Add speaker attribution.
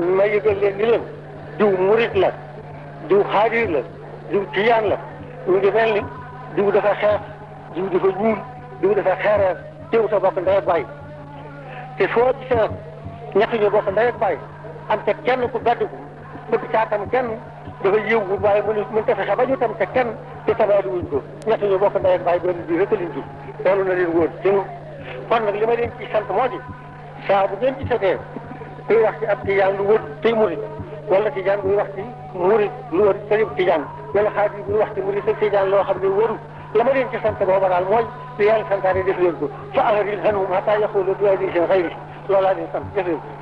Speaker 1: ma yëgal leen ni leen diw murit la diw xaadir la diw tijaan la ñu ngi mel ni diw dafa xees diw dafa ñuul diw defee xeereer teew sa bokk ndey ak bàyyi te foo gisee ñett ñu bokk ndey ak bàyyi am te kenn ku gàddu ko bëgg caa tam kenn dafa yëngu waaye mënu mënu ta fexe ba ñu tam te kenn te tabaari wuñ ko ñett ñu bokk ndey ak bàyyi doon bi rek a liñ jur loolu na leen wóor ci kon nag li ma leen ci sant moo di saa bu ngeen ci setee kuy wax ci ab tijaan lu wër tey murit wala tijaan buy wax ci murit lu wër tey tijaan wala xaadir buy wax ci murit ak tijaan loo xam ne wëru la ma leen ci sant booba daal mooy a yàlla santaane def leen ko fa aril hanhum hatta yaqulu bi seen xayri loolaa leen sant def leen ko